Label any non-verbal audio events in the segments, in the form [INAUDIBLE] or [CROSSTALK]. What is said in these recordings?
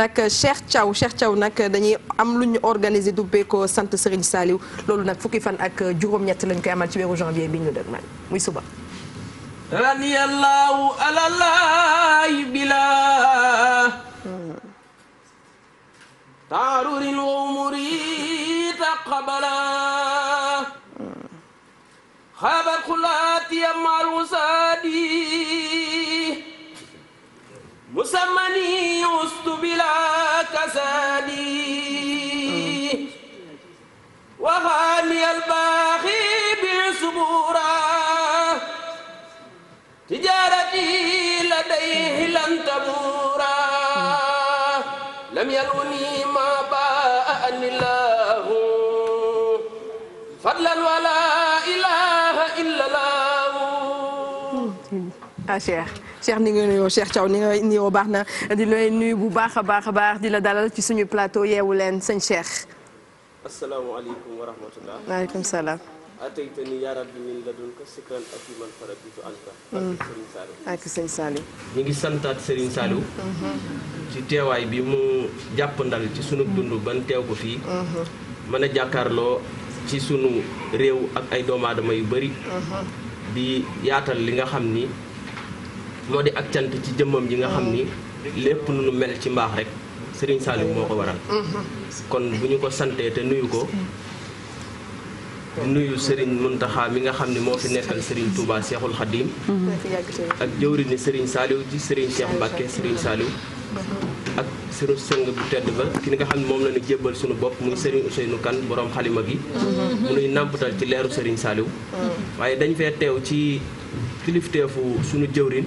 nag Cheikh Thiaw Cheikh Thiaw nag dañuy am lu ñu organisé dubbee ko sant Serigne Saliou loolu nag fukki fan ak juróom-ñett lañ koy amal ci weeru janvier bi ñu dëgmal muy suba. raniyallahu alalaay bila taarurin wa umuri taqabala xabar xulaati amaal wasaadi نورا لم يلوني ما باء الله فضلا ولا إله إلا الله شيخ ah, cheikh ni nga nuyoo Cheikh Thiaw ni nga baax na di lay nuyu bu baax baax a baax di la dalal ci suñu plateau yeewu leen sëñ Cheikh. asalaamaaleykum wa rahmatulah. waaleykum salaam. ataytani yaa rabbi min ladunka sikran afiman faraditu ak mm. sëriñ Saliou ak ngi santaat sëriñ Saliou mm-hmm. ci teewaay bi mu jàppandal ci sunu mm-hmm. dund ban teew ko fii mm-hmm. mën a jàkkaarloo ci sunu réew ak ay doomu aadama yu bari di yaatal li nga xam ni moo di ak cant ci jëmmam ji nga xam ni lépp nu nu mel ci mbaax rek sëriñ Saliou moo ko waral kon bu ñu ko santee te nuyu ko nuyu Serigne Mountakha mi nga xam ne moo fi nekkal Serigne Touba Cheikhul Khadim ak jëwriñu Serigne Saliou ji Serigne Cheikh Mbacke sëriñ Saliou ak sunu sëng bu tedd ba ki nga xam ne moom la ñu jébbal suñu bopp muy Serigne Ousseynou Kane borom xalima gi mu nuy nàmpatal ci leeru sëriñ Saliou waaye dañ fee teew ci kilifteefu suñu jëwriñ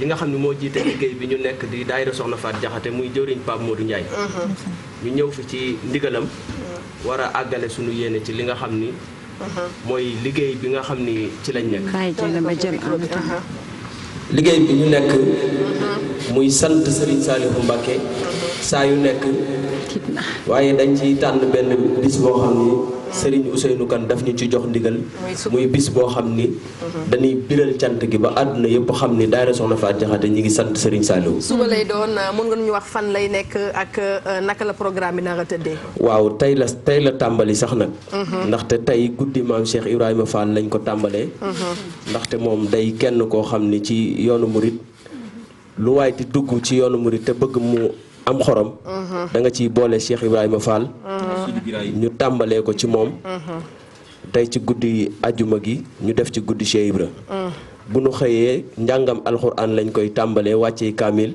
yi nga xam ne moo jiite liggéey bi ñu nekk di daayira Soxna Faat Jaxate muy jëwriñ Pape du Ndiaye ñu ñëw fi ci ndigalam war a àggale suñu yéene ci li nga xam ni mooy liggéey bi nga xam ni ci lañ nekk liggéey bi ñu nekk muy sant Serigne Saliou Mbacké saa yu nekk waaye dañ ci tànn benn bis boo xam ni Serigne Ousseynou Kane daf ñu ci jox ndigal muy bis boo xam ni mhm. dañuy biral cant gi ba àdduna yëpp xam ni daayira Soxna Faat Jaxate ñi ngi sant Serigne Saliou suba lay doon mën nga ñu wax fan lay nekk ak euh, naka la programme bi nara tëddee waaw tey la tey la tàmbali sax nag mhm. ndaxte tey guddi maam Cheikh Ibrahima Fall lañ ko tàmbalee mhm. ndaxte moom day kenn koo xam ni ci yoonu murit lu waay di dugg ci yoonu murit te bëgg mu am xorom mhm. da nga ciy boole Cheikh Ibrahima Fall mhm. ñu tàmbalee ko ci moom mhm. tey ci guddi ajuma gi ñu def ci guddi Cheikh bu nu xëyee njàngam alxuraan lañ koy tàmbalee wàcce kaamil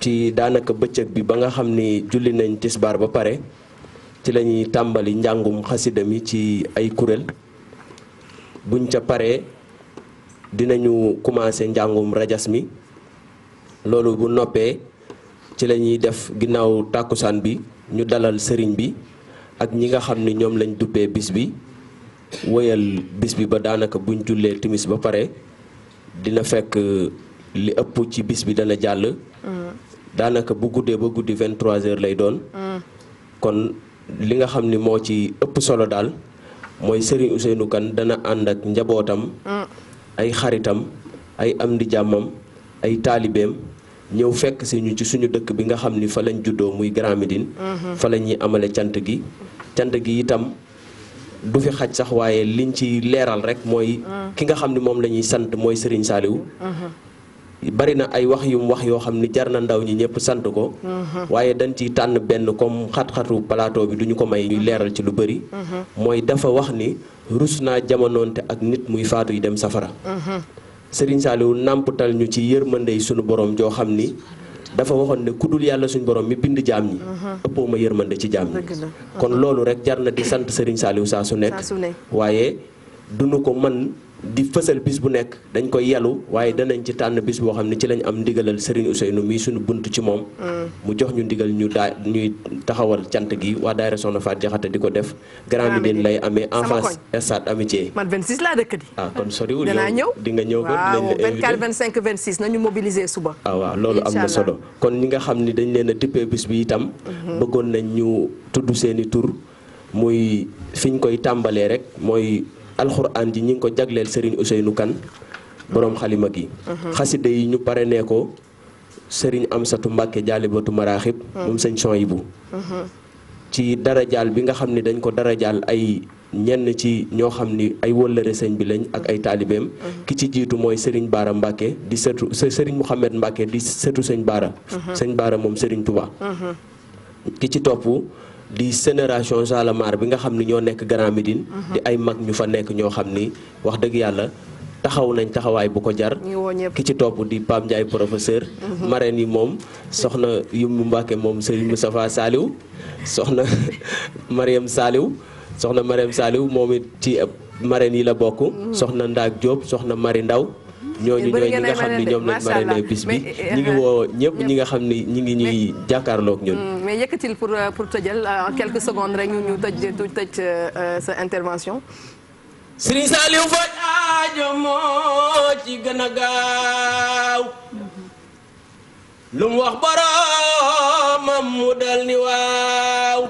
ci daanaka bëccëg bi ba nga xam ni julli nañ tisbaar ba pare ci la ñuy tàmbali njàngum xasida mi ci ay kuréel buñ ca paree dinañu commencé njàngum rajas mi loolu bu noppee ci la ñuy def ginnaaw tàkkusaan bi ñu dalal sëriñ bi ak ñi nga xam ni ñoom lañ duppee bis bi woyal bis bi ba daanaka bu buñ jullee timis ba pare dina fekk uh, li ëpp ci bis bi dana jàll mm. daanaka bu guddee ba guddi 23 heures lay doon mm. kon li nga xam ni moo ci ëpp solo daal mooy Serigne Ousseynou Kane dana ànd ak njabootam mm. ay xaritam ay am di ay taalibeem ñëw fekk si ñu ci suñu dëkk bi nga xam ni fa lañ juddoo muy Grand Médine mhm. fa la ñuy amale cant gi cant gi itam du fi xaj sax waaye liñ ci leeral rek mooy mhm. ki nga xam ni moom la ñuy sant mooy Serigne Saliou mhm. bari na ay wax yum wax yoo xam ni jar na ndaw ñi ñëpp sant ko waaye dañ ciy tànn benn comme xat-xatu plateau bi duñu ko may ñuy leeral ci lu bari mooy dafa wax ni rus naa jamonoonte ak nit muy faatu yi dem safara Serigne Saliou nàmputal ñu ci yërmande yi suñu borom joo xam ni dafa waxoon ne ku dul yàlla suñu borom mi bind jaam ñi. Uh-huh. ëppoo ma yërmande ci jaam ñi. kon loolu rek jar na di sant Serigne Saliou saa su nekk. waaye duñu ko man di fësal bis bu nekk dañ koy yelu waaye danañ ci tànn bis boo xam ne ci lañ am ndigalal Serigne Ousseynou mii suñu bunt ci moom. Mm. mu jox ñu ndigal ñuy taxawal cant gi waa Daara Soxna Faat di ko def. Grand Médine lay amee en face stade amitié. man 26 laa dëkk di. ah kon soriwul danaa ñëw nañu mobiliser suba. Ah, waaw loolu am na solo kon ñi nga xam ne dañ leen a tippee bis bi itam. Mm-hmm. bëggoon nañ ñu tudd seeni tur muy fi ñu koy tàmbalee rek mooy. alxuraan ji ñi ngi ko jagleel Serigne Ousseynou kan boroom xalima gi. Mhm. xasida yi ñu pare nee ko Serigne Amsatu Mbàkke jaalibatu maraaxib. Mhm. moom sëñ Soyibu mhm. ci dara jaal bi nga xam ne dañ ko dara jaal ay ñenn ci ñoo xam ni ay wëllëre sëñ bi lañ ak ay taalibeem. ki ci jiitu mooy sëriñ Baara Mbacke di setu Serigne Mouhamed Mbacke di setu sëñ Baara. moom Serigne Touba. ki ci topp di sénération Jalamar bi nga xam ni ñoo nekk Grand Médine mhm. di ay mag ñu fa nekk ñoo xam ni wax dëgg yàlla taxaw nañ taxawaay bu ko jar ki ci topp di Pape Ndiaye professeur mhm. marraine yi moom soxna Yumbu Mbàkke moom Serigne Moustapha Saliou soxna [LAUGHS] Mariam Saliou soxna Mariam Saliou moom it ci marraine yi la bokk mhm. soxna Ndaak Diop soxna Mari Ndaw ñooñu ñooy ñi nga xam ne ñoom lañ marraine bis bi eh, eh, ñi ngi woo ñëpp ñi nga xam ne [LAUGHS] ñi ngi ñuy jàkkaarloog ñun mm, mais yëkkatil pour euh, pour tëjal euh, en quelques secondes rek ñu ñu tëj tu tëj euh, sa intervention Serigne Saliou faj aajo moo ci gën a gaaw lu mu wax boromam mu dal ni waaw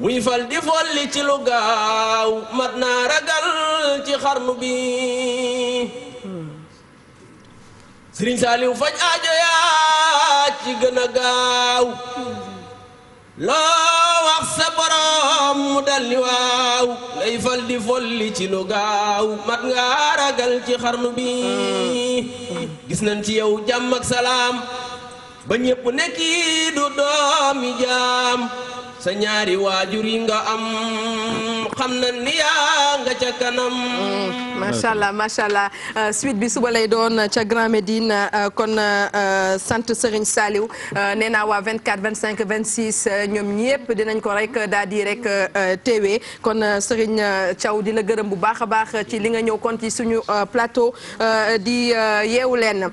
muy di folli ci lu gaaw mat naa ragal ci xarnu bi sëriñ saaliw faj aajo yaa ci gën a gaaw loo wax sa borom mu dalli waaw ngay fal di folli ci lu gaaw mat nga ragal ci xarnu bi gis nañ ci yow jàmm ak salaam ba ñépp nekki du doomi jaam sa ñaari waajur yi nga am xam na ni yaa nga ca kanam. Mm, macha allah macha allah euh, suite bi suba lay doon ca Grand Médine euh, kon euh, sant Serigne Saliou nee naa vingt cinq vingt 26 ñoom ñëpp dinañ ko rek daal di rek teewee kon Serigne Thiaw di la gërëm bu baax a baax ci li nga ñëw kon ci suñu plateau di yeewu leen.